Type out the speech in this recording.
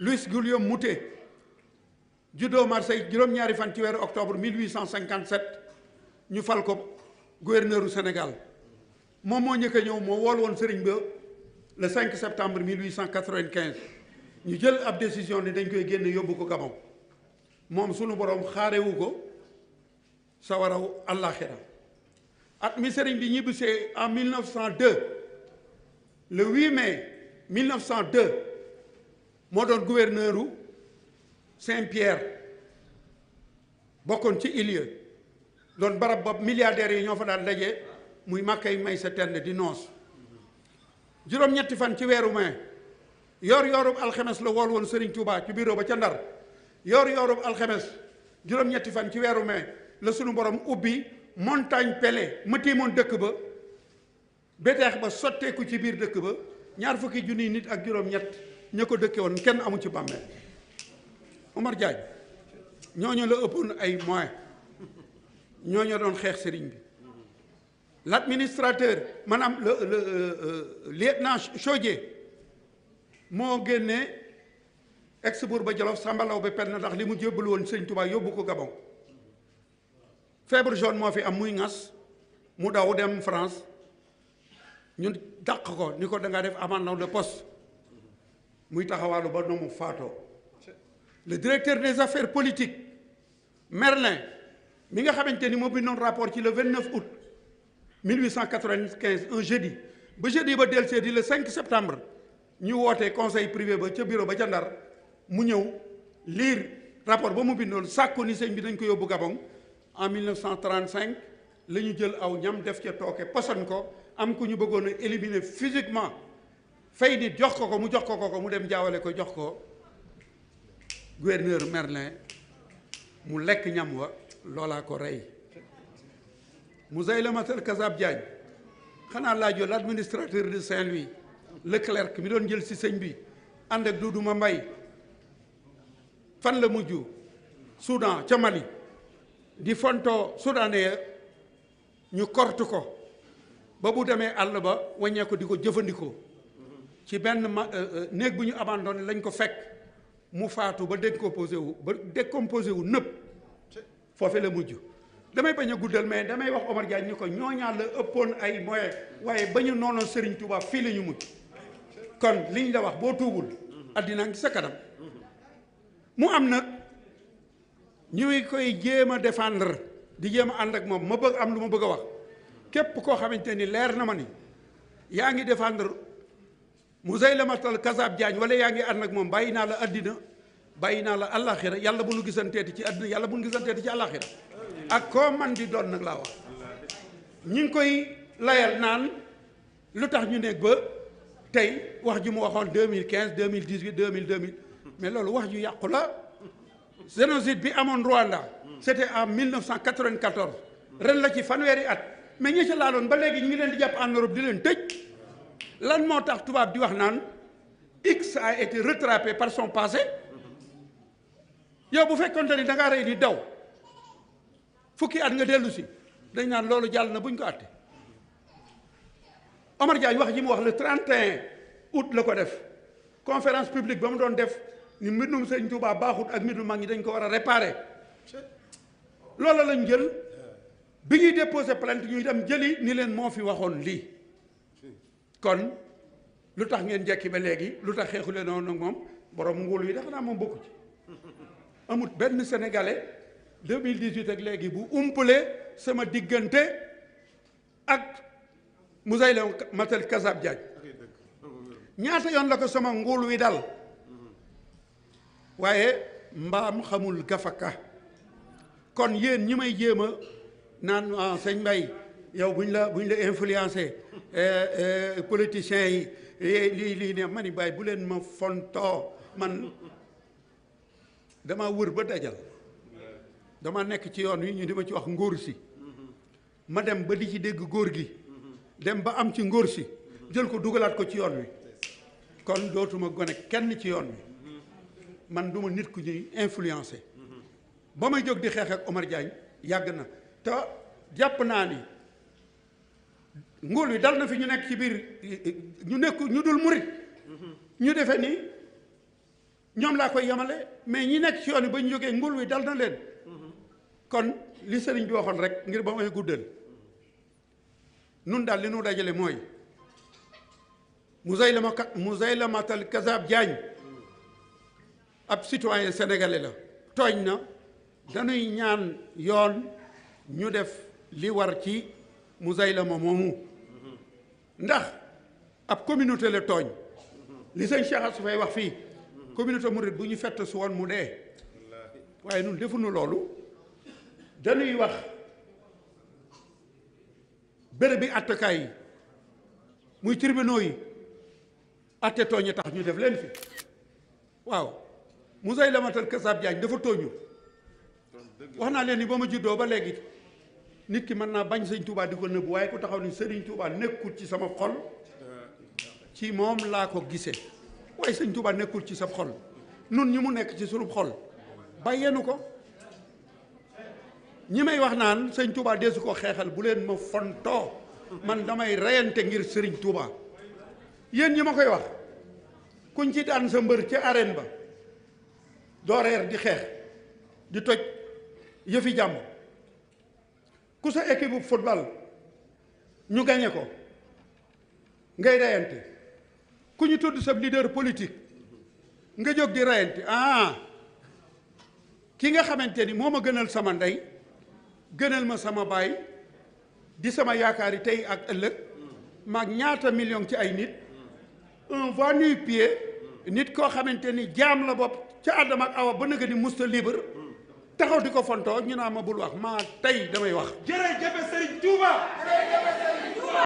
Louis Guillaume Moutet juddoo Marseille juróom-ñaari fan ci weeru octobre 1857 ñu fal ko gouverneur du Sénégal moom moo njëkk ñëw moo wool woon sëriñ ba le 5 septembre 1895 ñu jël ab décision ni dañ koy génn yóbbu ko Gabon moom sunu borom xaarewu ko sawaraw àllaaxira at mi sëriñ bi ñibbisee en 1902 le 8 mai 1902. moo doon gouverneur u Saint-Pierre bokkoon ci Ilieu doon barab ba milliardaires yi ñoo fa daan daje muy màkkay may sa tend di noos juróom-ñetti fan ci weeru mai yor yoorub alxemes la wool woon Serigne Touba ci biiroo ba ca Ndar yor yoorub alxemes juróom-ñetti fan ci weeru mai la sunu borom ubbi montagne Pelée ma tiimoon dëkk ba beteex ba sotteeku ci biir dëkk ba ñaar fukki junniy nit ak juróom-ñett ñu ko dëkkee woon kenn amu ci bàmmeel Omar Diagne ñooñu la ëppoon ay ñoo ñooñu doon xeex sëriñ bi l'administrateur maanaam le le euh, euh, lieutenant moo génne ex ba Jolof sambalaw ba na tax li mu jébbal woon sëñ Touba yóbbu ko Gabon feebar jaune moo fi am muy ŋas mu daw dem France ñu dàq ko ni ko da ngaa def amende de poste muy taxawaalu ba nu mu faatoo le directeur des affaires politiques Merlin mi nga xamante ni moo bindoon rapport ci le 29 août 1895 un jeudi ba jeudi ba dellusee di le cinq septembre ñu wootee conseil privé ba ca bureau ba ca Ndar mu ñëw lire rapport ba mu bindoon sàkku ni sëñ bi dañ ko yóbbu Gabon en 1935 la ñu jël aw ñam def ca tooke poson ko am ku ñu bëggoon a éliminer physiquement. fay nit jox ko ko mu jox ko ko mu dem jaawale ko jox ko gouverneur Merlin mu lekk ñam wa loolaa ko rey mu Musaylamatal kasab Diagne xanaa laajoo l'administrateur de Saint-Louis Leclerc mi doon jël ci sëñ bi ànd ak Doudou Mbaye fan la mujj Soudan ca Mali di fonto fontoo soudanais ñu kortu ko ba bu demee àll ba wàññee ko di ko jëfandikoo ci benn ma euh, euh, néeg bu ñu abandonné lañ ko fekk mu faatu ba décomposé wu ba décomposé wu nëpp foofu la mujj damay bañ a guddal mais damay wax Omar Diagne ni ko ñooñaar la ëppoon ay moyen waaye ba ñu noonoon Serigne Touba fii la ñu mujj kon liñ la wax boo tuubul addinaa ngi sa kanam mu am nag ñuy koy jéem a défendre di jéem a ànd ak moom ma bëgg am lu ma bëgg a wax képp koo xamante ni leer na ma ni yaa ngi défendre mu la Musaylamatal kasaab Jaañ wala yaa ngi ànd ak moom bàyyi naa la àddina bàyyi naa la àllaaxira yàlla bu nu gisanteeti ci àddina yàlla bu nu gisanteeti ci àllaaxira ak koo man di doon nag laa wax ñi ngi koy layal naan lu tax ñu nekk ba tey wax ji mu waxoon 2015 2018 2000 mais loolu wax ju yàqu la génocide bi amoon Rwanda c'était en 1994 ren la ci fanweeri at mais ñi ci laaloon ba léegi ñu ngi leen di jàpp en Europe di leen tëj lan moo tax tubaab di wax naan X a été rattrapé par son passé yow bu fekkonte ni da ngaa rey ni daw fukki at nga dellu si dañ naan loolu jàll na buñ ko àtte Omar Diagne wax ji mu wax le 31 out la ko def conférence publique ba mu doon def ni mbindum sëñ Touba baaxut ak mbindum mag ñi dañ ko war a réparer loolu lañ jël bi ñuy déposé plainte ñuy dem jëli ni leen moo fi waxoon lii kon lu tax ngeen jekki ba léegi lu tax xeexu leen noonu moom borom nguul yi dafa naa moom bokku ci amut benn sénégalais 2018 ak léegi bu umpalee sama diggante ak Moussaïla Matel Kassab Diagne ñaata yoon la ko sama nguul wi dal waaye mbaam xamul gafaka kon yéen ñi may jéem a naan ah, sëñ Mbaye yow bu ñu la bu ñu la influencé eh, eh, politiciens yi eh, lii lii ne ma ni bàyyi bu leen ma fontoo man dama wër ba dajal dama nekk ci yoon wi ñu di ma ci wax ngóor si ma dem ba di ci dégg góor gi dem ba am ci ngóor si jël ko dugalaat ko ci yoon wi kon dootuma gone kenn ci yoon wi man duma nit ku ñuy influencé ba may jóg di xeex ak Omar Diagne yàgg na te jàpp naa ni ngóol wi dal na fi ñu nekk ci biir ñu nekk ñu dul murit ñu defe nii ñoom laa koy yemale mais ñi nekk ci yoon yi ba ñu jógee ngóol wi dal na leen kon li sëriñ bi waxoon rek ngir ba may guddal nun daal li nu dajale mooy Musaylama Musaylamatal Kazaab Jaañ ab citoyen sénégalais la tooñ na dañuy ñaan yoon ñu def li war ci Musaylama moomu ndax ab communauté la tooñ li sëñ Cheikh su fay wax fii communauté murid bu ñu fett su woon mu dee waaye ñun defuñu loolu dañuy wax bërëb bi attekaay yi muy tribunaux yi atte tooñu tax ñu def leen fi waaw Musaylamatal Kazzab Jaañ dafa tooñu wax naa leen ni ba ma juddoo ba léegi nit ki mën naa bañ sëñ Touba di ko nëbbu waaye ku taxaw ni sëriñ Touba nekkul ci sama xol ci moom laa ko gisee waaye sëñ Touba nekkul ci sa xol nun ñi mu nekk ci sunu xol bàyyeenu ko ñi may wax naan sëñ Touba deesu ko xeexal bu leen ma fontoo man damay reyante ngir sëriñ Touba yéen ñi ma koy wax kuñ ci daan sa mbër ca arène ba doo reer di xeex di toj yëfi jàmm ku sa équipe bu football ñu gañe ko ngay reyante ku ñu tudd sa leader politique nga jóg di reyante ah ki nga xamante ni moo ma gënal sama ndey gënal ma sama baay di sama yaakaar yi tey ak ëllëg maag ñaata million ci ay nit un va nu nit koo xamante ni jaam la bopp ca Adama ak Awa ba nëgë ni musta libre taxaw di ko fontoo ñu naa ma bul wax maa tey damay wax. jërëjëf Serigne Touba.